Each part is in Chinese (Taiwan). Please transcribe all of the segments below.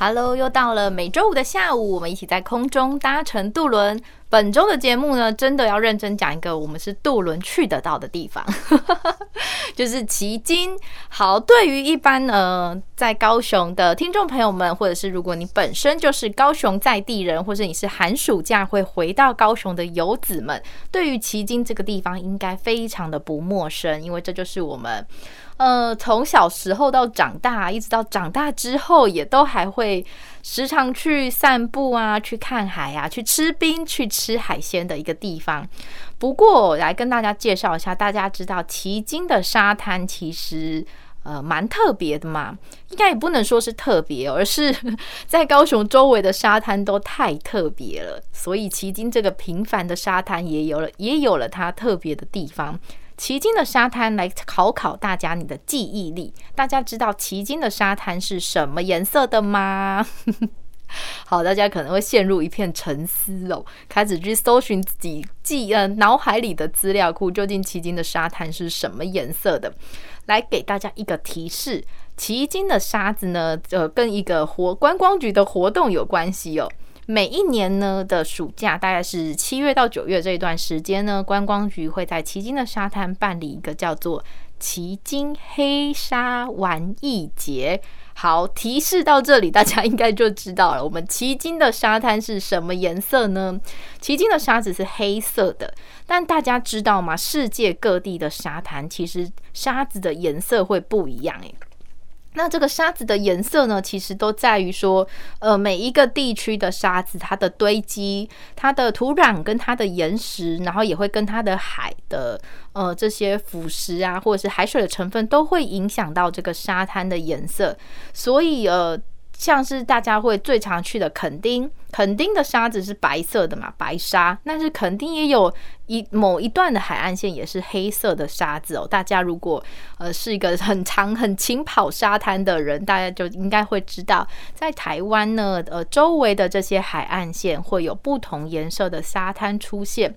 Hello，又到了每週五的下午，我們一起在空中搭乘渡輪。本周的節目呢，真的要認真講一個，我們是渡輪去得到的地方，呵呵就是旗津。好，對於一般呃在高雄的聽眾朋友們，或者是如果你本身就是高雄在地人，或者你是寒暑假會回到高雄的遊子們，對於旗津這個地方應該非常的不陌生，因為這就是我們。呃，從小時候到長大，一直到長大之後，也都還會時常去散步啊，去看海啊，去吃冰，去吃海鮮的一個地方。不過，我來跟大家介紹一下，大家知道旗津的沙灘其實呃蠻特別的嘛，應該也不能說是特別，而是在高雄周圍的沙灘都太特別了，所以旗津這個平凡的沙灘也有了也有了它特別的地方。奇津的沙灘，來考考大家你的記憶力，大家知道奇津的沙灘是什麼顏色的嗎？ 好，大家可能會陷入一片沉思哦，開始去搜尋自己記呃腦海裡的資料庫，究竟奇津的沙灘是什麼顏色的？來給大家一個提示，奇津的沙子呢，呃，跟一個活觀光局的活動有關係哦。每一年呢的暑假，大概是七月到九月這一段時間呢，觀光局會在旗津的沙灘辦理一個叫做“旗津黑沙玩藝節”。好，提示到這裡，大家應該就知道了。我們旗津的沙灘是什麼顏色呢？旗津的沙子是黑色的，但大家知道嗎？世界各地的沙灘其實沙子的顏色會不一樣哎那這個沙子的顏色呢，其實都在於說，呃，每一個地區的沙子，它的堆積、它的土壤跟它的岩石，然後也會跟它的海的，呃，這些腐蝕啊，或者是海水的成分，都會影響到這個沙灘的顏色。所以，呃。像是大家會最常去的墾丁，墾丁的沙子是白色的嘛，白沙。但是墾丁也有一某一段的海岸線也是黑色的沙子哦。大家如果呃是一個很長很勤跑沙灘的人，大家就應該會知道，在台灣呢，呃周圍的這些海岸線會有不同顏色的沙灘出現。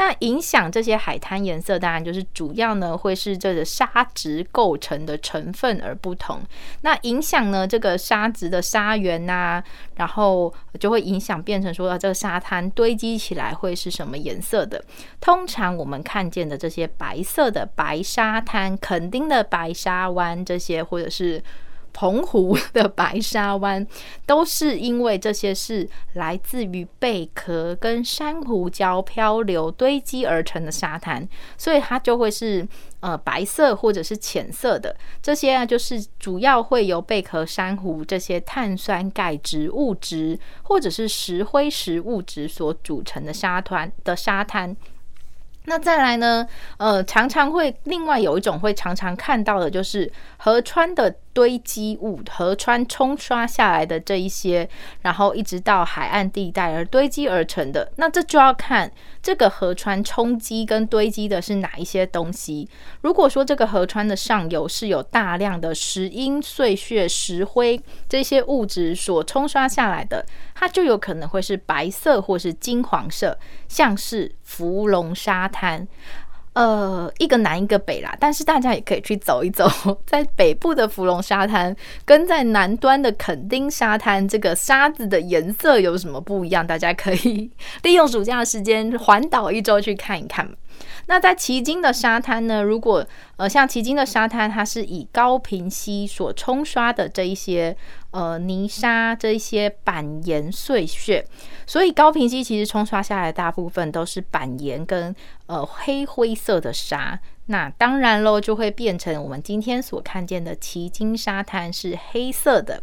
那影響這些海灘顏色，當然就是主要呢會是這個沙質構成的成分而不同。那影響呢這個沙質的沙源吶、啊，然後就會影響變成說、啊、這個沙灘堆積起來會是什麼顏色的。通常我們看見的這些白色的白沙灘，墾丁的白沙灣這些，或者是。澎湖的白沙灣都是因為這些是來自於貝殼跟珊瑚礁漂流堆積而成的沙灘，所以它就會是呃白色或者是淺色的。這些啊，就是主要會由貝殼、珊瑚這些碳酸鈣質物質，或者是石灰石物質所組成的沙灘的沙灘。那再來呢？呃，常常會另外有一種會常常看到的，就是河川的堆積物，河川沖刷下來的這一些，然後一直到海岸地帶而堆積而成的。那這就要看這個河川沖積跟堆積的是哪一些東西。如果說這個河川的上游是有大量的石英碎屑、石灰這些物質所沖刷下來的。它就有可能會是白色或是金黃色，像是芙蓉沙灘，呃，一個南一個北啦。但是大家也可以去走一走，在北部的芙蓉沙灘跟在南端的墾丁沙灘，這個沙子的顏色有什麼不一樣？大家可以利用暑假的時間環島一週去看一看。那在旗津的沙灘呢？如果呃，像旗津的沙灘，它是以高屏溪所沖刷的這一些呃泥沙、這一些板岩碎屑，所以高屏溪其實沖刷下來的大部分都是板岩跟呃黑灰色的沙。那當然嘍，就會變成我們今天所看見的旗津沙灘是黑色的。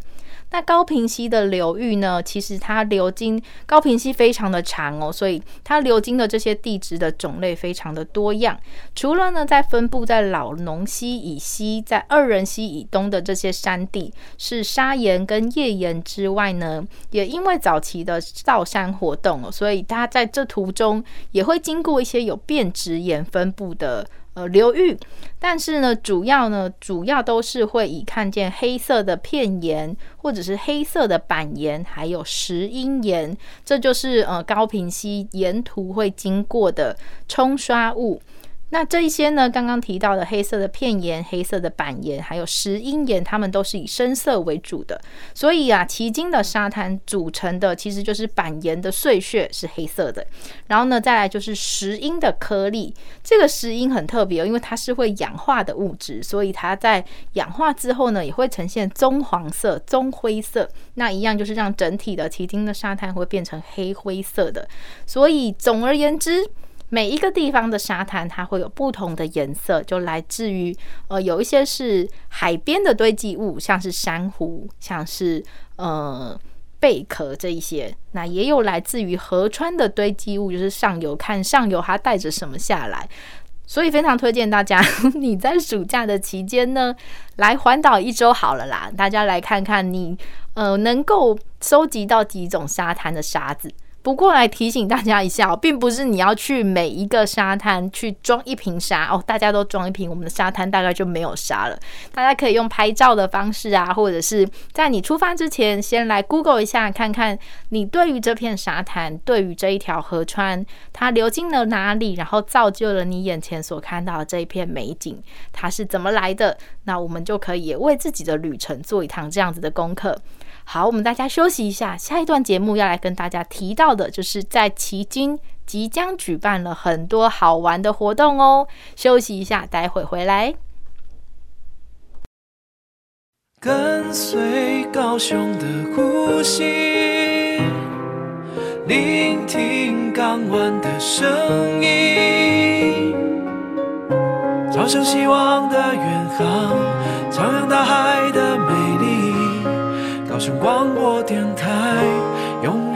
那高屏溪的流域呢？其實它流經高屏溪非常的長哦，所以它流經的這些地質的種類非常的多樣。除了呢，在分布在荖濃溪以西，在二仁溪以東的這些山地是砂岩跟頁岩之外呢，也因為早期的造山活動哦，所以它在這途中也會經過一些有變質岩分布的。呃，流域，但是呢，主要呢，主要都是會以看見黑色的片岩，或者是黑色的板岩，還有石英岩，這就是呃，高屏溪沿途會經過的沖刷物。那這一些呢，剛剛提到的黑色的片岩、黑色的板岩，還有石英岩，它們都是以深色為主的。所以啊，旗津的沙灘組成的其實就是板岩的碎屑是黑色的，然後呢，再來就是石英的顆粒。這個石英很特別，因為它是會氧化的物質，所以它在氧化之後呢，也會呈現棕黃色、棕灰色。那一樣就是讓整體的旗津的沙灘會變成黑灰色的。所以，總而言之。每一個地方的沙灘，它會有不同的顏色，就來自於呃，有一些是海邊的堆積物，像是珊瑚，像是呃貝殼這一些，那也有來自於河川的堆積物，就是上游看上游它帶着什麼下來，所以非常推薦大家，呵呵，你在暑假的期間呢，來環島一周好了啦，大家來看看你呃能夠收集到幾種沙灘的沙子。不過來提醒大家一下，並不是你要去每一個沙灘去裝一瓶沙哦，大家都裝一瓶，我們的沙灘大概就沒有沙了。大家可以用拍照的方式啊，或者是在你出發之前，先來 Google 一下，看看你對於這片沙灘，對於這一條河川，它流經了哪裡，然後造就了你眼前所看到的這一片美景，它是怎麼來的？那我們就可以為自己的旅程做一趟這樣子的功課。好，我們大家休息一下，下一段節目要來跟大家提到。就是在旗津，即將舉辦了很多好玩的活動哦，休息一下，待會回來。跟隨高雄的呼吸，聆聽港灣的聲音，朝向希望的遠航，蒼茫大海的美麗，高雄廣播電台。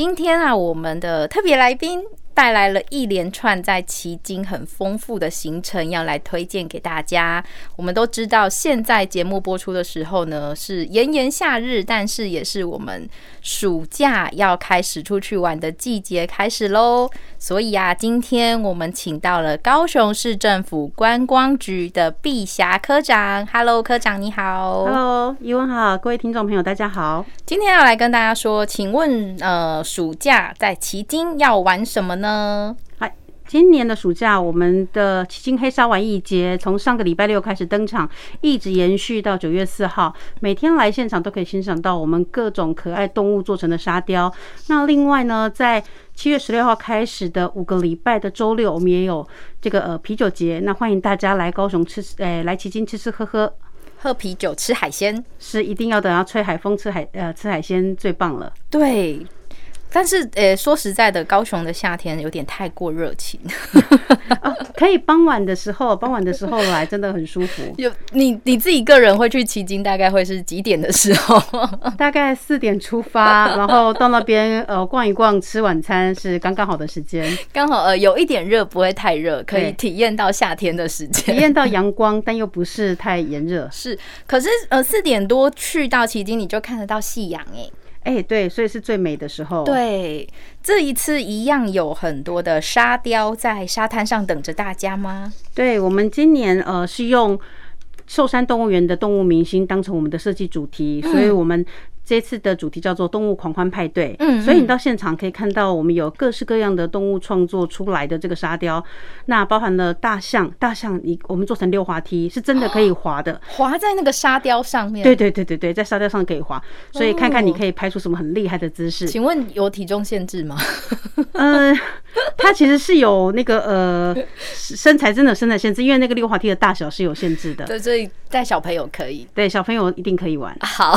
今天啊，我們的特別來賓，帶來了一連串在旗津很豐富的行程，要來推薦給大家。我們都知道，現在節目播出的時候呢，是炎炎夏日，但是也是我們暑假要開始出去玩的季節開始嘍。所以啊，今天我們請到了高雄市政府觀光局的碧霞科長。Hello，科長你好。Hello，一文好，各位聽眾朋友大家好。今天要來跟大家說，請問呃，暑假在旗津要玩什麼呢？嗯，好，今年的暑假，我們的旗津黑沙玩藝節從上個禮拜六開始登場，一直延續到九月四號，每天來現場都可以欣賞到我們各種可愛動物做成的沙雕。那另外呢，在七月十六號開始的五個禮拜的週六，我們也有這個呃啤酒節，那歡迎大家來高雄吃，哎，來旗津吃吃喝喝，喝啤酒吃海鮮是，是一定要等下，吹海風吃海呃，吃海鮮最棒了。對。但是，呃、欸，說實在的，高雄的夏天有點太過熱情、 啊。可以傍晚的時候，傍晚的時候來，真的很舒服。有你你自己個人會去旗津，大概會是幾點的時候？大概四點出發， 然後到那邊呃逛一逛，吃晚餐是剛剛好的時間。剛好呃有一點熱，不會太熱，可以體驗到夏天的時間，體驗到陽光，但又不是太炎熱。是，可是呃四點多去到旗津，你就看得到夕陽哎哎，欸、對，所以是最美的時候。對，這一次一樣有很多的沙雕在沙灘上等着大家嗎？對，我們今年呃是用壽山動物園的動物明星當成我們的設計主題，所以我們。嗯這次的主題叫做“動物狂歡派對”，嗯、嗯，所以你到現場可以看到我們有各式各樣的動物創作出來的這個沙雕，那包含了大象，大象你我們做成溜滑梯，是真的可以滑的，啊、滑在那個沙雕上面，對對對對對，在沙雕上可以滑，哦、所以看看你可以拍出什麼很厲害的姿勢。請問有體重限制嗎？ 嗯。它其實是有那個呃身材真的身材限制，因為那個溜滑梯的大小是有限制的，對，所以帶小朋友可以，對，小朋友一定可以玩。好，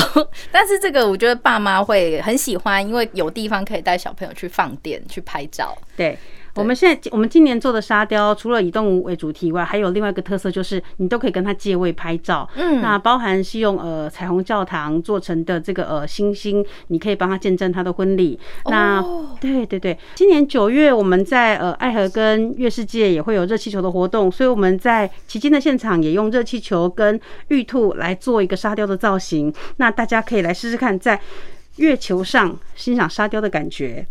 但是這個我覺得爸媽會很喜歡，因為有地方可以帶小朋友去放電、去拍照。對。我們現在我們今年做的沙雕，除了以動物為主題以外，還有另外一個特色就是你都可以跟他借位拍照。嗯，那包含是用呃彩虹教堂做成的這個呃星星，你可以幫他見證他的婚禮。哦、那對對對，今年九月我們在呃愛河跟月世界也會有熱氣球的活動，所以我們在旗津的現場也用熱氣球跟玉兔來做一個沙雕的造型。那大家可以來試試看，在月球上欣賞沙雕的感覺。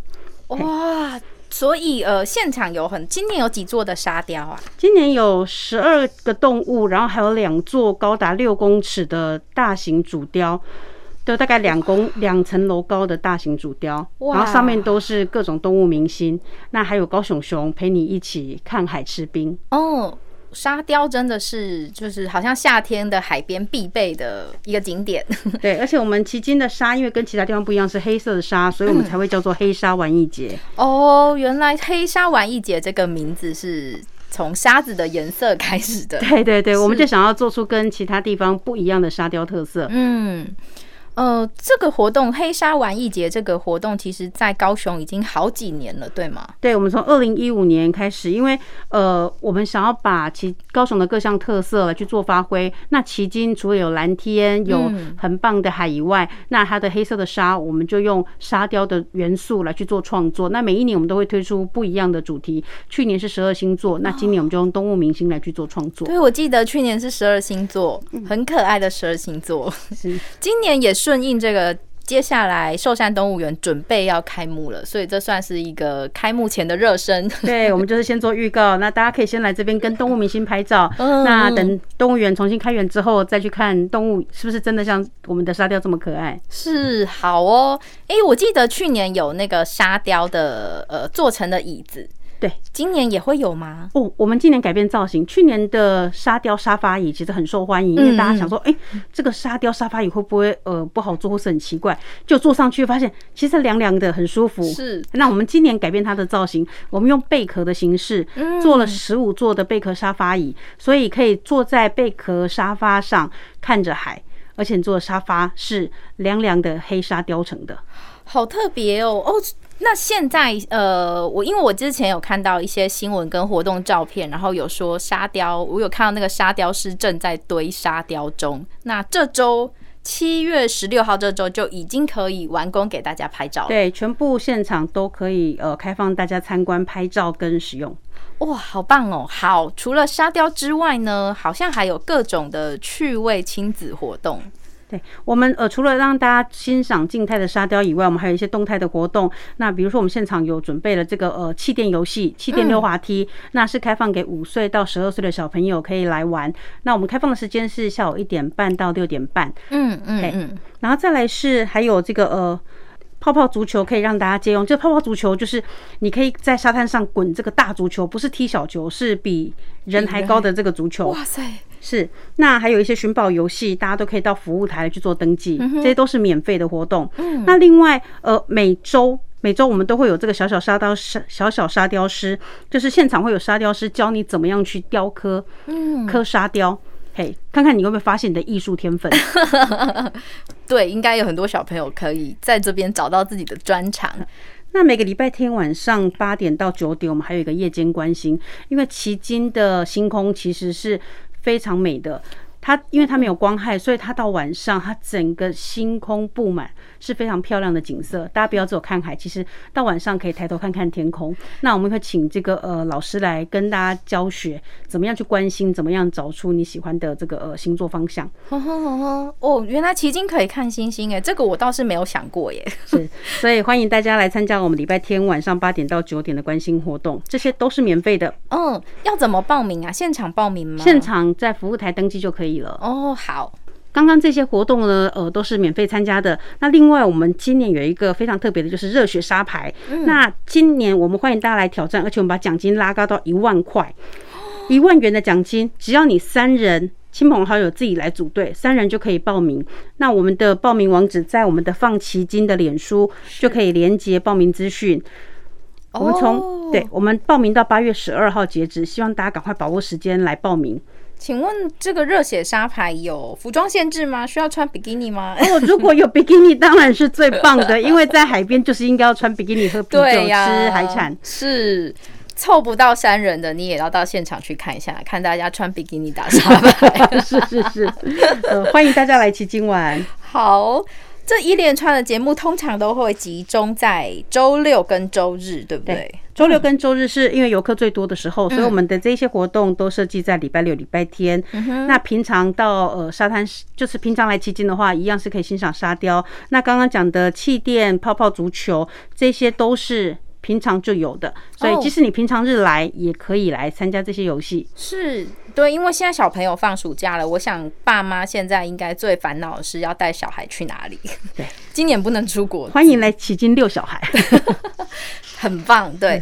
哇！所以，呃，現場有很今年有幾座的沙雕啊？今年有十二個動物，然後還有兩座高達六公尺的大型主雕，都大概兩公兩層樓高的大型主雕，然後上面都是各種動物明星。哇那還有高雄熊陪你一起看海吃冰哦。沙雕，真的是就是好像夏天的海邊必備的一個景點。對，而且我們旗津的沙，因為跟其他地方不一樣，是黑色的沙，所以我們才會叫做黑沙玩藝節。哦，原來黑沙玩藝節這個名字是從沙子的顏色開始的。對對對，是我們就想要做出跟其他地方不一樣的沙雕特色。嗯。呃，這個活動黑沙玩藝節這個活動，其實在高雄已經好幾年了，對嗎？對，我們從二零一五年開始，因為呃，我們想要把其高雄的各項特色來去做發揮。那迄今除了有藍天、有很棒的海以外，嗯、那它的黑色的沙，我們就用沙雕的元素來去做創作。那每一年我們都會推出不一樣的主題，去年是十二星座，那今年我們就用動物明星來去做創作。哦、對，我記得去年是十二星座，很可愛的十二星座。嗯、 今年也是。順應這個，接下來壽山動物園準備要開幕了，所以這算是一個開幕前的熱身。對，我們就是先做預告， 那大家可以先來這邊跟動物明星拍照。嗯、那等動物園重新開園之後，再去看動物是不是真的像我們的沙雕這麼可愛？是好哦。哎、欸，我記得去年有那個沙雕的呃做成的椅子。對，今年也會有嗎？哦，我們今年改變造型，去年的沙雕沙發椅其實很受歡迎，嗯、因為大家想說，哎、欸，這個沙雕沙發椅會不會呃不好坐或是很奇怪？就坐上去發現其實涼涼的，很舒服。是，那我們今年改變它的造型，我們用貝殼的形式做了十五座的貝殼沙發椅，嗯、所以可以坐在貝殼沙發上看着海，而且你坐的沙發是涼涼的黑沙雕成的。好特別哦，哦，那現在呃，我因為我之前有看到一些新聞跟活動照片，然後有說沙雕，我有看到那個沙雕師，正在堆沙雕中。那這週七月十六號這週就已經可以完工，給大家拍照了。對，全部現場都可以呃開放大家參觀拍照跟使用。哇，好棒哦！好，除了沙雕之外呢，好像還有各種的趣味親子活動。對我們呃，除了讓大家欣賞靜態的沙雕以外，我們還有一些動態的活動。那比如說，我們現場有準備了這個呃氣墊遊戲，氣墊溜滑梯，嗯、那是開放給五歲到十二歲的小朋友可以來玩。那我們開放的時間是下午一點半到六點半。嗯嗯，嗯然後再來是還有這個呃泡泡足球，可以讓大家借用。這泡泡足球就是你可以在沙灘上滾這個大足球，不是踢小球，是比人還高的這個足球。嗯嗯嗯呃、哇塞！是，那還有一些尋寶遊戲，大家都可以到服務台去做登記，嗯、哼這些都是免費的活動。嗯、那另外，呃，每周每周我們都會有這個小小沙雕師，小小沙雕師，就是現場會有沙雕師教你怎麼樣去雕刻，嗯，刻沙雕，嘿，看看你會不會發現你的藝術天分。 對，應該有很多小朋友可以在這邊找到自己的專長。那每個禮拜天晚上八點到九點，我們還有一個夜間觀星，因為旗津的星空其實是。非常美的。它因為它沒有光害，所以它到晚上，它整個星空佈滿是非常漂亮的景色。大家不要只有看海，其實到晚上可以抬頭看看天空。那我們會請這個呃老師來跟大家教學，怎麼樣去觀星，怎麼樣找出你喜歡的這個呃星座方向。哦哦哦哦哦，原來旗津可以看星星哎，這個我倒是沒有想過耶。是，所以歡迎大家來參加我們禮拜天晚上八點到九點的觀星活動，這些都是免費的。嗯，要怎麼報名啊？現場報名嗎？現場在服務台登記就可以。哦，oh, 好，剛剛這些活動呢，呃，都是免費參加的。那另外，我們今年有一個非常特別的，就是熱血沙排。Mm. 那今年我們歡迎大家來挑戰，而且我們把獎金拉高到一萬塊，一萬元的獎金，只要你三人親朋好友自己來組隊，三人就可以報名。那我們的報名網址在我們的 Fun 旗津的臉書就可以連接報名資訊。是我們從、oh. 對，我們報名到八月十二號截止，希望大家趕快把握時間來報名。請問這個熱血沙排有服裝限制嗎？需要穿比基尼嗎？哦、如果有比基尼，當然是最棒的， 因為在海邊就是應該要穿比基尼喝啤酒 對、啊、吃海產。是湊不到三人的，你也要到現場去看一下，看大家穿比基尼打沙排。 是是是、呃，歡迎大家來旗津玩。好。這一連串的節目通常都會集中在周六跟周日，對不對？周六跟周日是因為遊客最多的時候，嗯、所以我們的這些活動都設計在禮拜六、禮拜天。嗯、哼那平常到呃沙灘，就是平常來旗津的話，一樣是可以欣賞沙雕。那剛剛講的氣墊、泡泡足球，這些都是。平常就有的，所以即使你平常日來也可以來參加這些遊戲。Oh，是對，因為現在小朋友放暑假了，我想爸媽現在應該最煩惱的是要帶小孩去哪裡。對，今年不能出國。歡迎來旗津遛小孩，對 很棒。對，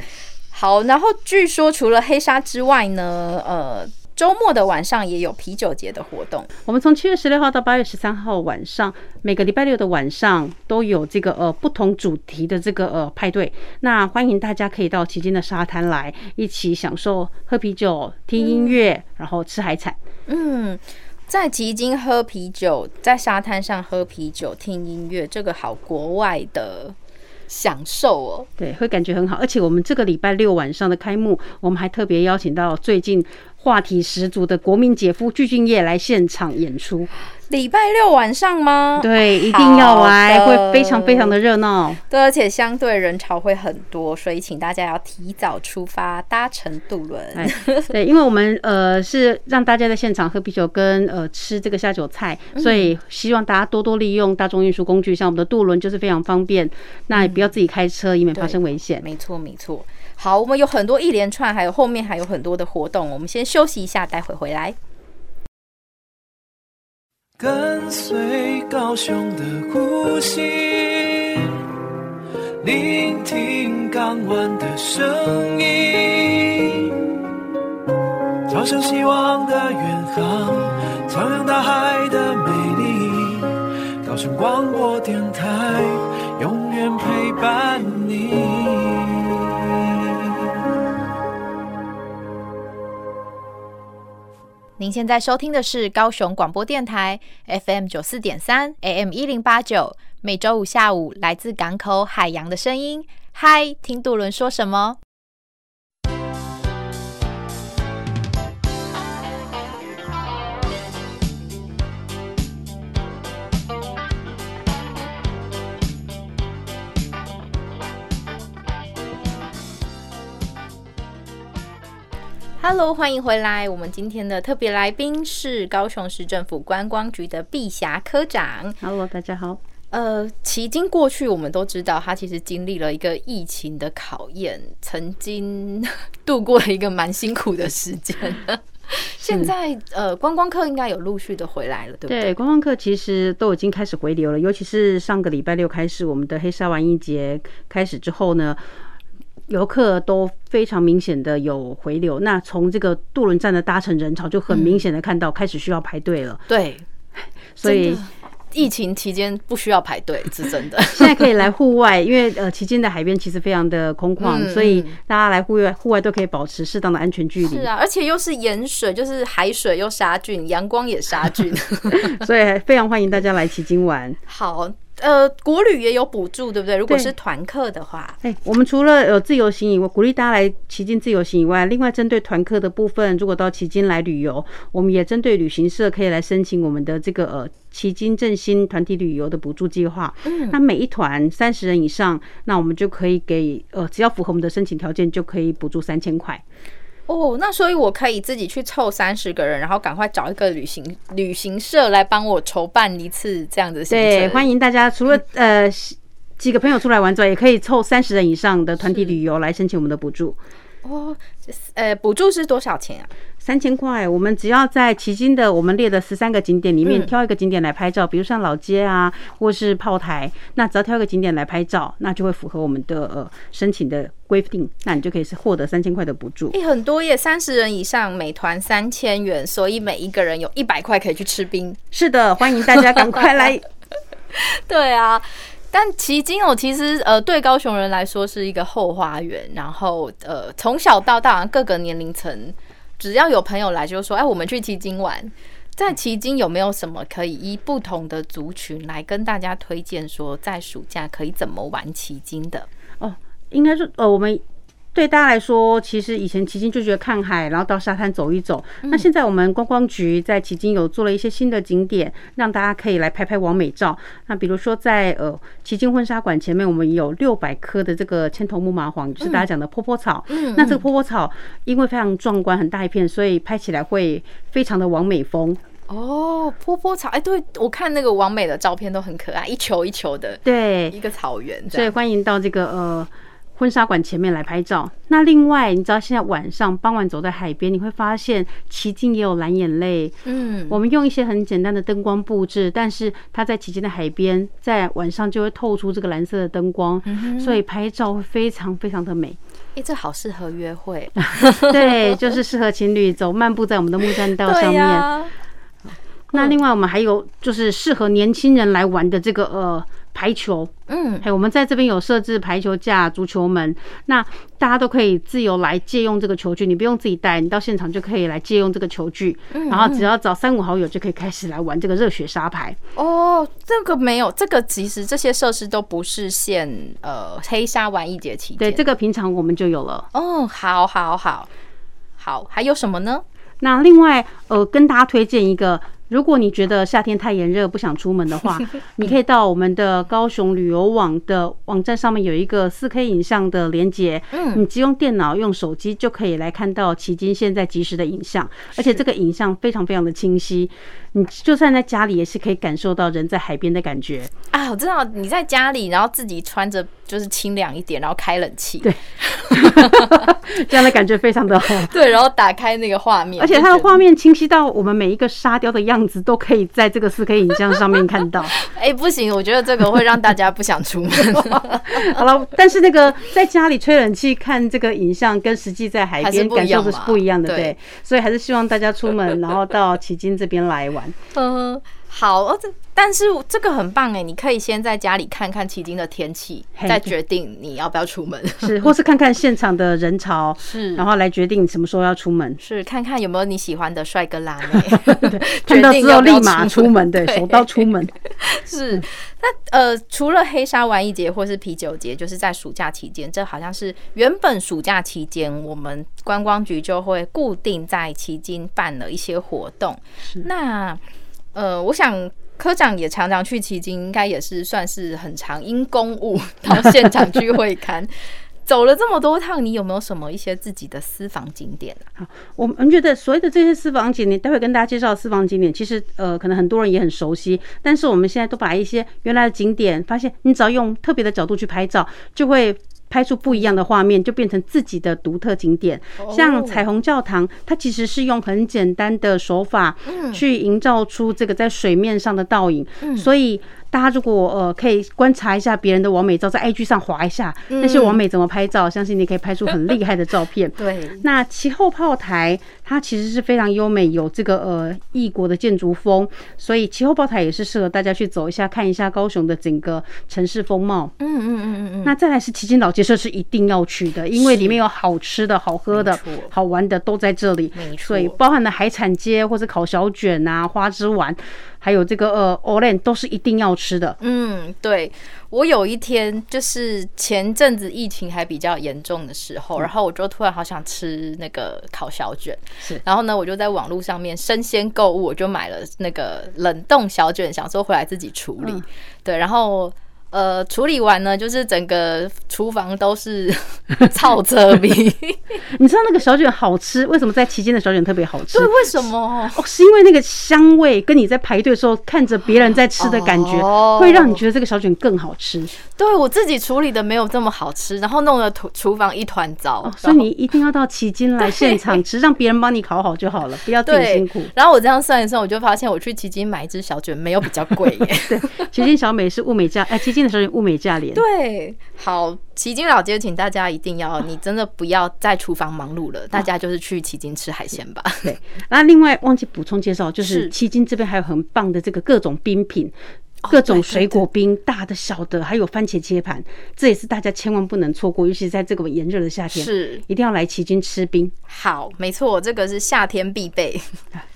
好。然後據說除了黑沙之外呢，呃。週末的晚上也有啤酒節的活動。我們從七月十六號到八月十三號晚上，每個禮拜六的晚上都有這個呃不同主題的這個呃派對。那歡迎大家可以到旗津的沙灘來一起享受喝啤酒、聽音樂，嗯、然後吃海產。嗯，在旗津喝啤酒，在沙灘上喝啤酒、聽音樂，這個好國外的享受哦。對，會感覺很好。而且我們這個禮拜六晚上的開幕，我們還特別邀請到最近話題十足的國民姐夫鞠俊業來現場演出。禮拜六晚上嗎？對，一定要來，的會非常非常的熱鬧。對，而且相對人潮會很多，所以請大家要提早出發，搭乘渡輪、 哎。對，因為我們呃是讓大家在現場喝啤酒跟呃吃這個下酒菜，嗯、所以希望大家多多利用大眾運輸工具，像我們的渡輪就是非常方便。那也不要自己開車，嗯、以免發生危險。沒錯，沒錯。好，我們有很多一連串，還有後面還有很多的活動，我們先休息一下，待會回來。跟隨高雄的呼吸，聆聽港灣的聲音，朝向希望的遠航，朝向大海的美麗，高雄廣播電臺永遠陪伴你。您現在收聽的是高雄廣播電台 F M 九四點三 A M 一零八九，3, 89, 每周五下午來自港口海洋的聲音。嗨，聽渡輪說什麼？Hello，歡迎回來。我們今天的特別來賓是高雄市政府觀光局的碧霞科長。Hello，大家好。呃，旗津過去，我們都知道他其實經歷了一個疫情的考驗，曾經度過了一個蠻辛苦的時間。 現在呃，觀光客應該有陸續的回來了，是對不對？對，觀光客其實都已經開始回流了，尤其是上個禮拜六開始，我們的黑沙玩藝節開始之後呢。遊客都非常明顯的有回流，那從這個渡輪站的搭乘人潮就很明顯的看到開始需要排隊了。嗯。對，所以疫情期間不需要排隊是真的。現在可以來戶外， 因為呃，旗津的海邊其實非常的空曠，嗯，所以大家來戶外，戶外都可以保持適當的安全距離。是啊，而且又是鹽水，就是海水又殺菌，陽光也殺菌， 所以非常歡迎大家來旗津玩。好。呃，國旅也有補助，對不對？如果是團客的話，哎，我們除了有自由行以外，鼓勵大家來旗津自由行以外，另外針對團客的部分，如果到旗津來旅遊，我們也針對旅行社可以來申請我們的這個呃，旗津振興團體旅遊的補助計劃。嗯，那每一團三十人以上，那我們就可以給呃，只要符合我們的申請條件，就可以補助三千塊。哦，oh, 那所以我可以自己去湊三十個人，然後趕快找一個旅行旅行社來幫我籌辦一次這樣子。對，歡迎大家，除了呃幾個朋友出來玩之外， 也可以湊三十人以上的團體旅遊來申請我們的補助。哦，oh, 呃，補助是多少錢啊？三千塊，我們只要在旗津的我們列的十三個景點裡面挑一個景點來拍照，嗯、比如像老街啊，或是炮臺，那只要挑一個景點來拍照，那就會符合我們的呃申請的規定，那你就可以是獲得三千塊的補助。誒，很多耶，三十人以上每團三千元，所以每一個人有一百塊可以去吃冰。是的，歡迎大家趕快來。 對啊，但旗津我、哦、其實呃對高雄人來說是一個後花園，然後呃從小到大各個年齡層。只要有朋友來就說：“哎，我們去旗津玩，在旗津有沒有什麼可以依不同的族群來跟大家推薦？說在暑假可以怎麼玩旗津的？”哦，應該是呃、哦，我們。對大家來說，其實以前旗津就覺得看海，然後到沙灘走一走。那現在我們觀光局在旗津有做了一些新的景點，讓大家可以來拍拍網美照。那比如說在呃旗津婚紗館前面，我們有六百棵的這個千頭木麻黃，是大家講的波波草。嗯，嗯，嗯、那這個波波草因為非常壯觀，很大一片，所以拍起來會非常的網美風。哦，波波草，哎，對，我看那個網美的照片都很可愛，一球一球的。對，一個草原，所以歡迎到這個呃。婚紗館前面來拍照。那另外，你知道現在晚上傍晚走在海邊，你會發現旗津也有藍眼淚。嗯、嗯，我們用一些很簡單的燈光布置，但是它在旗津的海邊，在晚上就會透出這個藍色的燈光，嗯哼所以拍照會非常非常的美。哎，欸、這好適合約會。 對，就是適合情侶走漫步在我們的木棧道上面。啊、那另外，我們還有就是適合年輕人來玩的這個呃。排球，嗯，hey, 我們在這邊有設置排球架、足球門，那大家都可以自由來借用這個球具，你不用自己帶，你到現場就可以來借用這個球具，嗯嗯，然後只要找三五好友就可以開始來玩這個熱血沙排。哦，這個沒有，這個其實這些設施都不是限呃黑沙玩藝節期，對，這個平常我們就有了。哦，好，好，好，好，還有什麼呢？那另外，呃，跟大家推薦一個。如果你覺得夏天太炎熱不想出門的話，你可以到我們的高雄旅遊網的網站上面有一個四 K 影像的連接，嗯，你只用電腦、用手機就可以來看到旗津現在即時的影像，而且這個影像非常非常的清晰，你就算在家裡也是可以感受到人在海邊的感覺、嗯、啊！我知道你在家裡，然後自己穿着。就是清涼一點，然後開冷氣，對， 這樣的感覺非常的好。對，然後打開那個畫面，而且它的畫面清晰到我們每一個沙雕的樣子都可以在這個四 K 影像上面看到。哎、 欸，不行，我覺得這個會讓大家不想出門。 好了，但是那個在家裡吹冷氣看這個影像，跟實際在海邊感受的是不一樣的，對。對所以還是希望大家出門，然後到旗津這邊來玩。嗯。好，這但是這個很棒哎！你可以先在家裡看看旗津的天氣，hey, 再決定你要不要出門。是，或是看看現場的人潮， 是，然後來決定你什麼時候要出門。是，看看有沒有你喜歡的帥哥靚妹，看到之後立馬出門，對，手刀出門。對 是，那呃，除了黑沙玩藝節或是啤酒節，就是在暑假期間，這好像是原本暑假期間我們觀光局就會固定在旗津辦了一些活動。是，那。呃，我想科長也常常去旗津，應該也是算是很常因公務到現場去會勘 走了這麼多趟，你有沒有什麼一些自己的私房景點、啊、好，我們覺得所謂的這些私房景點，待會跟大家介紹私房景點，其實呃，可能很多人也很熟悉，但是我們現在都把一些原來的景點，發現你只要用特別的角度去拍照，就會。拍出不一樣的畫面，就變成自己的獨特景點。像彩虹教堂，它其實是用很簡單的手法去營造出這個在水面上的倒影，所以。大家如果呃可以觀察一下別人的網美照，在 IG 上滑一下那些網美怎麼拍照，嗯、相信你可以拍出很厲害的照片。 對，那旗後炮台它其實是非常優美，有這個呃異國的建築風，所以旗後炮台也是適合大家去走一下，看一下高雄的整個城市風貌。嗯嗯嗯嗯嗯。嗯嗯嗯那再來是旗津老街，是是一定要去的，因為裡面有好吃的、好喝的、是好玩的都在這裡。沒錯，所以包含了海產街或者烤小卷啊、花枝丸，還有這個呃 OLAN 都是一定要。吃是的，嗯，對，我有一天就是前陣子疫情還比較嚴重的時候，是然後我就突然好想吃那個烤小卷，是然後呢，我就在網絡上面生鮮購物，我就買了那個冷凍小卷，想說回來自己處理，嗯、對，然後。呃，處理完呢，就是整個廚房都是操，扯逼。你知道那個小卷好吃，為什麼在旗津的小卷特別好吃？對，為什麼？哦，是因為那個香味，跟你在排隊的時候看着別人在吃的感覺，會讓你覺得這個小卷更好吃。哦、對我自己處理的沒有這麼好吃，然後弄得廚廚房一團糟、哦。所以你一定要到旗津來現場吃，對讓別人幫你烤好就好了，不要這麼辛苦。然後我這樣算一算，我就發現我去旗津買一隻小卷沒有比較貴耶。 對，旗津小美是物美價哎，旗、欸、津。物美價廉，對，好，旗津老街，請大家一定要， 你真的不要在廚房忙碌了，啊、大家就是去旗津吃海鮮吧，對。那另外忘記補充介紹，就是旗津這邊還有很棒的這個各種冰品，是各種水果冰，哦、對對對對大的、小的，還有番茄切盤，這也是大家千萬不能錯過，尤其是在這個炎熱的夏天，是一定要來旗津吃冰。好，沒錯，這個是夏天必備。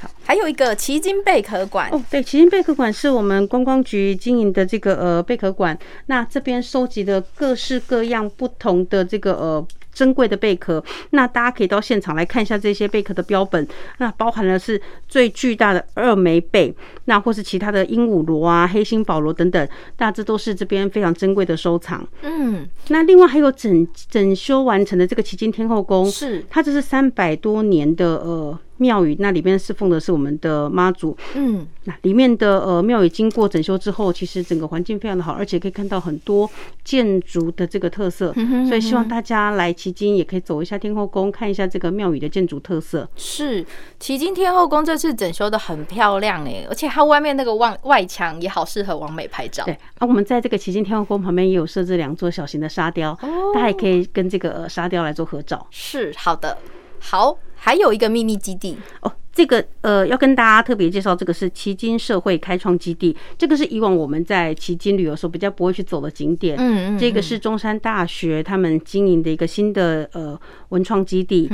好，還有一個旗津貝殼館哦。對，旗津貝殼館是我們觀光局經營的這個呃貝殼館。那這邊收集的各式各樣不同的這個呃珍貴的貝殼，那大家可以到現場來看一下這些貝殼的標本。那包含了是最巨大的二枚貝，那或是其他的鸚鵡螺啊、黑心寶螺等等，大致都是這邊非常珍貴的收藏。嗯，那另外還有整整修完成的這個旗津天後宮，是它這是三百多年的呃。廟宇，那裡面侍奉的是我們的媽祖，嗯，那裡面的呃廟宇經過整修之後，其實整個環境非常的好，而且可以看到很多建築的這個特色，嗯、哼哼哼，所以希望大家來旗津也可以走一下天後宮，看一下這個廟宇的建築特色。是，旗津天後宮這次整修得很漂亮誒、欸，而且它外面那個外外牆也好適合網美拍照。對，而、啊、我們在這個旗津天後宮旁邊也有設置兩座小型的沙雕，大家也可以跟這個沙雕來做合照。是，好的，好。還有一個秘密基地哦，這個呃要跟大家特別介紹，這個是旗津社會開創基地，這個是以往我們在旗津旅遊時候比較不會去走的景點，嗯嗯，這個是中山大學他們經營的一個新的呃文創基地，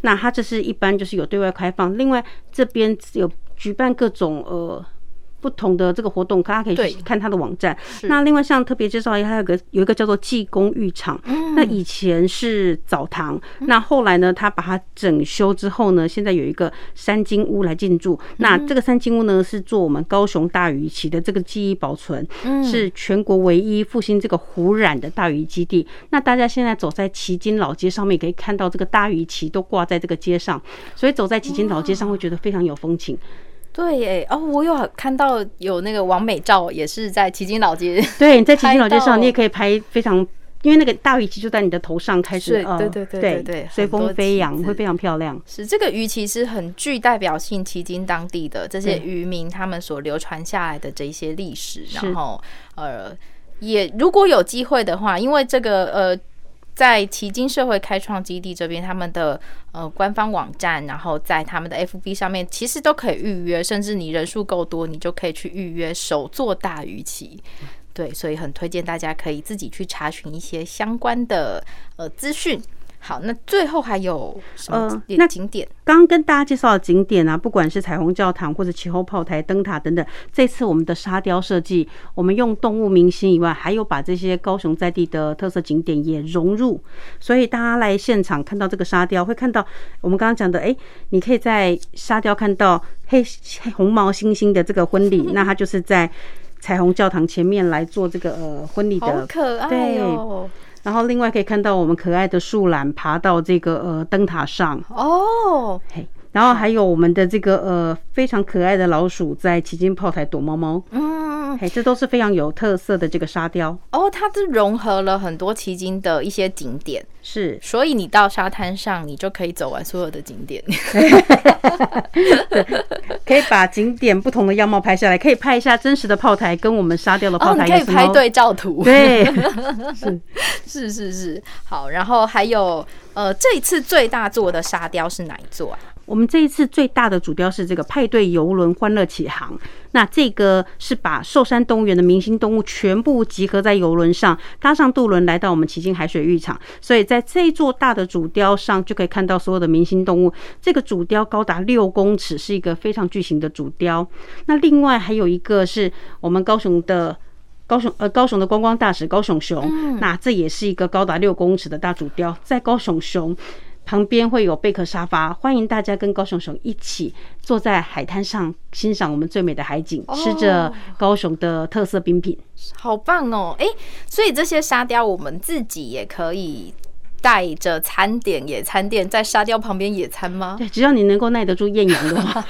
那它這是一般就是有對外開放，另外這邊有舉辦各種呃。不同的這個活動，大家可以看他的網站。那另外，像特別介紹一下，還有個有一個叫做技工浴場。嗯、那以前是澡堂，嗯、那後來呢，他把它整修之後呢，現在有一個三金屋來進駐。嗯、那這個三金屋呢，是做我們高雄大魚旗的這個記憶保存，嗯、是全國唯一復興這個湖染的大魚基地。嗯、那大家現在走在旗津老街上面，可以看到這個大魚旗都掛在這個街上，所以走在旗津老街上會覺得非常有風情。對、欸，哦，我有看到有那個王美照，也是在旗津老街。對，你在旗津老街上，你也可以拍非常，因為那個大魚旗就在你的頭上開始，對對對對對，隨對風飛揚會非常漂亮。是這個魚旗是很具代表性，旗津當地的這些漁民他們所流傳下來的這些歷史。嗯、然後，是呃，也如果有機會的話，因為這個呃。在旗津社會開創基地這邊，他們的呃官方網站，然後在他們的 FB 上面，其實都可以預約，甚至你人數夠多，你就可以去預約手作大魚旗。對，所以很推薦大家可以自己去查詢一些相關的呃資訊。好，那最後還有什麼景點？剛剛、呃、跟大家介紹的景點啊，不管是彩虹教堂或者旗後炮台、燈塔等等，這次我們的沙雕設計，我們用動物明星以外，還有把這些高雄在地的特色景點也融入。所以大家來現場看到這個沙雕，會看到我們剛剛講的，哎、欸，你可以在沙雕看到黑，黑紅毛猩猩的這個婚禮， 那它就是在彩虹教堂前面來做這個呃婚禮的，好可愛哦、喔。然後，另外可以看到我們可愛的樹懶爬到這個呃燈塔上哦，嘿。Oh. 然後還有我們的這個呃非常可愛的老鼠在旗津炮台躲貓貓，嗯，哎，這都是非常有特色的這個沙雕、嗯、哦，它是融合了很多旗津的一些景點，是，所以你到沙灘上，你就可以走完所有的景點， 可以把景點不同的樣貌拍下來，可以拍一下真實的炮台跟我們沙雕的炮台也、哦、可以拍對照圖，對，是是是是好，然後還有呃這一次最大座的沙雕是哪一座啊？我們這一次最大的主雕是這個派對遊輪歡樂啟航，那這個是把壽山動物園的明星動物全部集合在遊輪上，搭上渡輪來到我們旗津海水浴場，所以在這座大的主雕上就可以看到所有的明星動物。這個主雕高達六公尺，是一個非常巨型的主雕。那另外還有一個是我們高雄的高雄呃高雄的觀光大使高雄熊。那這也是一個高達六公尺的大主雕，在高雄熊。旁邊會有貝殼沙發，歡迎大家跟高雄熊一起坐在海灘上欣賞我們最美的海景，吃着高雄的特色冰品，oh, 好棒哦！哎、欸，所以這些沙雕我們自己也可以。帶着餐點野餐店，在沙雕旁邊野餐嗎？對，只要你能夠耐得住豔陽的話，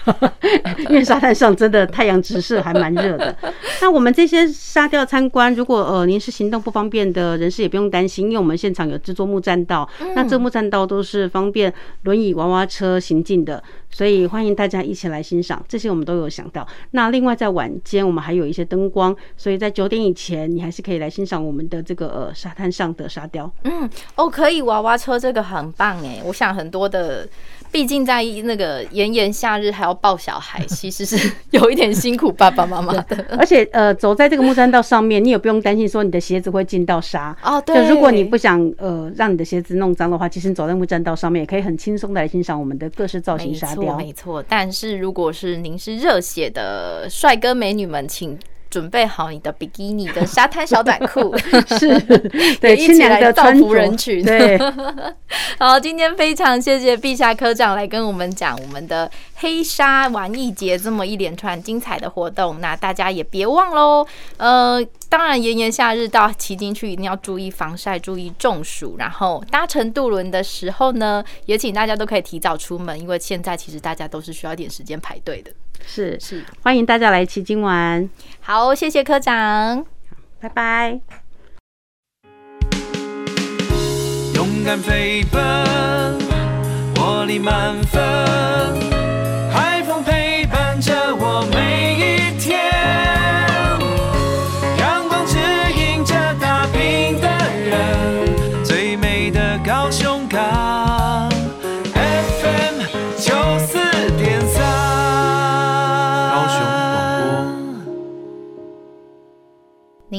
因為沙灘上真的太陽直射還蠻熱的。 那我們這些沙雕參觀，如果呃您是行動不方便的人士，也不用擔心，因為我們現場有制作木棧道，嗯、那這木棧道都是方便輪椅、娃娃車行進的，所以歡迎大家一起來欣賞這些，我們都有想到。那另外在晚間，我們還有一些燈光，所以在九點以前，你還是可以來欣賞我們的這個呃沙灘上的沙雕。嗯，哦，可以。娃娃車這個很棒哎，我想很多的，畢竟在那個炎炎夏日還要抱小孩，其實是有一點辛苦爸爸媽媽的。 對，而且呃，走在這個木棧道上面， 你也不用擔心說你的鞋子會進到沙哦。對，如果你不想呃讓你的鞋子弄髒的話，其實你走在木棧道上面也可以很輕鬆的來欣賞我們的各式造型沙雕，沒錯。但是如果是您是熱血的帥哥美女們，請。準備好你的比基尼跟沙灘小短褲， 是，對， 一起來造福人群。對， 好，今天非常謝謝陛下科長來跟我們講我們的黑沙玩藝節這麼一連串精彩的活動，那大家也別忘嘍。呃，當然炎炎夏日到旗津去一定要注意防曬，注意中暑。然後搭乘渡輪的時候呢，也請大家都可以提早出門，因為現在其實大家都是需要一點時間排隊的。是是，是歡迎大家來旗津玩。好，謝謝科長，拜拜。勇敢飛奔，活力滿分。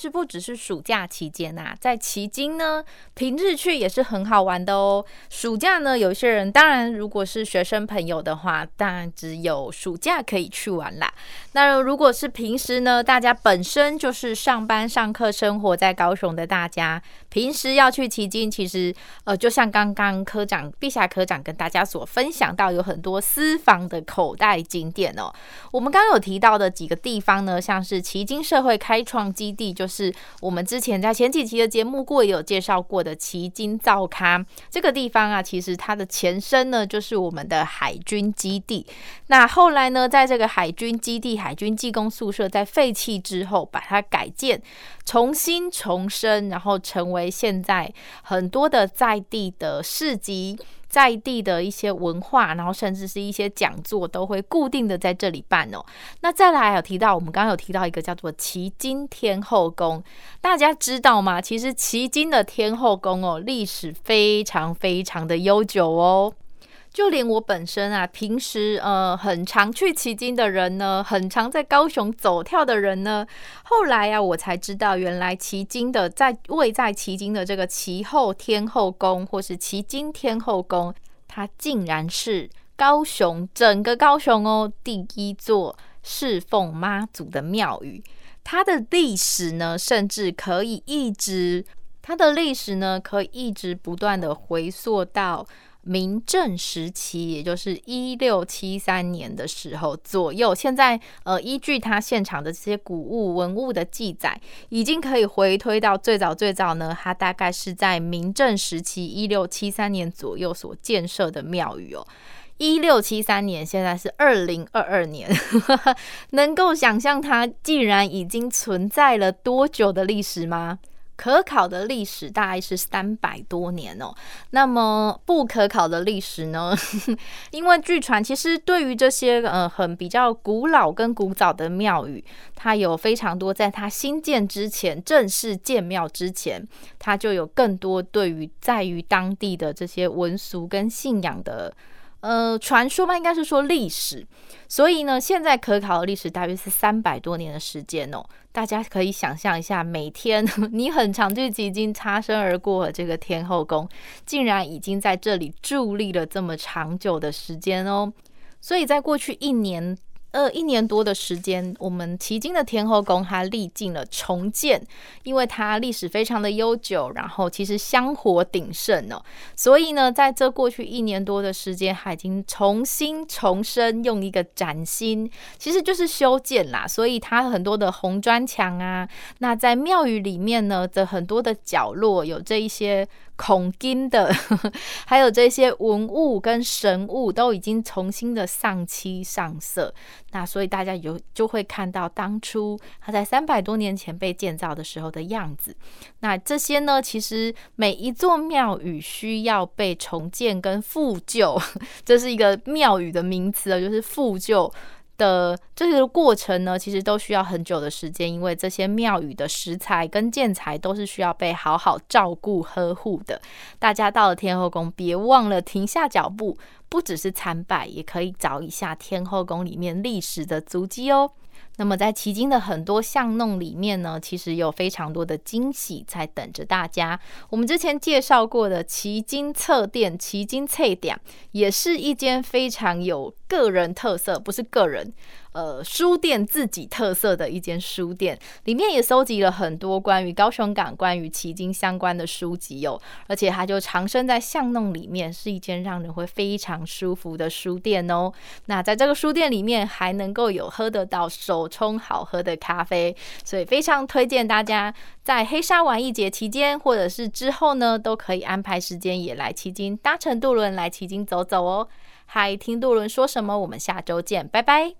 是不只是暑假期間吶、啊，在旗津呢，平日去也是很好玩的哦。暑假呢，有些人當然如果是學生朋友的話，當然只有暑假可以去玩啦。那如果是平時呢，大家本身就是上班、上課、生活在高雄的大家，平時要去旗津，其實呃，就像剛剛科長陛下科長跟大家所分享到，有很多私房的口袋景點哦。我們剛有提到的幾個地方呢，像是旗津社會開創基地，就是我們之前在前幾期的節目過也有介紹過的旗津灶咖這個地方啊，其實它的前身呢，就是我們的海軍基地。那後來呢，在這個海軍基地海軍技工宿舍在廢棄之後，把它改建、重新重生，然後成為現在很多的在地的市集。在地的一些文化，然後甚至是一些講座，都會固定的在這裡辦哦。那再來還有提到，我們剛剛有提到一個叫做旗津天後宮，大家知道嗎？其實旗津的天後宮哦，歷史非常非常的悠久哦。就連我本身啊，平時呃很常去旗津的人呢，很常在高雄走跳的人呢，後來啊，我才知道，原來旗津的在，位在旗津的這個旗後天後宮，或是旗津天後宮，它竟然是高雄，整個高雄哦，第一座侍奉媽祖的廟宇，它的歷史呢，甚至可以一直，它的歷史呢，可以一直不斷的回溯到。明鄭時期，也就是一六七三年的時候左右。現在，呃，依據它現場的這些古物、文物的記載，已經可以回推到最早最早呢。它大概是在明鄭時期一六七三年左右所建設的廟宇哦。一六七三年，現在是二零二二年， 能夠想象，它竟然已經存在了多久的歷史嗎？可考的歷史大概是三百多年哦。那麼不可考的歷史呢？ 因為據傳，其實對於這些呃很比較古老跟古早的廟宇，它有非常多，在它新建之前，正式建廟之前，它就有更多對於在於當地的這些文俗跟信仰的。呃，傳說嘛，應該是說歷史，所以呢，現在可考的歷史大約是三百多年的時間哦。大家可以想象一下，每天你很長距離已經擦身而過了，這個天後宮竟然已經在這裡佇立了這麼長久的時間哦。所以在過去一年。呃，一年多的時間，我們旗津的天後宮它歷經了重建，因為它歷史非常的悠久，然後其實香火鼎盛哦，所以呢，在這過去一年多的時間，它已經重新重生，用一個嶄新，其實就是修建啦，所以它很多的紅磚牆啊，那在廟宇裡面呢的很多的角落有這一些。孔金的呵呵，還有這些文物跟神物都已經重新的上漆上色，那所以大家有就會看到當初它在三百多年前被建造的時候的樣子。那這些呢，其實每一座廟宇需要被重建跟復舊，這是一個廟宇的名詞啊，就是復舊。的這個過程呢，其實都需要很久的時間，因為這些廟宇的石材跟建材都是需要被好好照顧呵護的。大家到了天後宮，別忘了停下腳步，不只是參拜，也可以找一下天後宮裡面歷史的足跡哦。那麼在旗津的很多巷弄裡面呢，其實有非常多的驚喜在等着大家。我們之前介紹過的旗津側殿、旗津側殿，也是一間非常有。個人特色，不是個人，呃，書店自己特色的一間書店，裡面也收集了很多關於高雄港、關於旗津相關的書籍哦。而且它就藏身在巷弄裡面，是一間讓人會非常舒服的書店哦。那在這個書店裡面，還能夠有喝得到手沖好喝的咖啡，所以非常推薦大家在黑沙玩藝節期間或者是之後呢，都可以安排時間也來旗津搭乘渡輪來旗津走走哦。嗨，Hi, 聽渡輪說什麼？我們下周見，拜拜。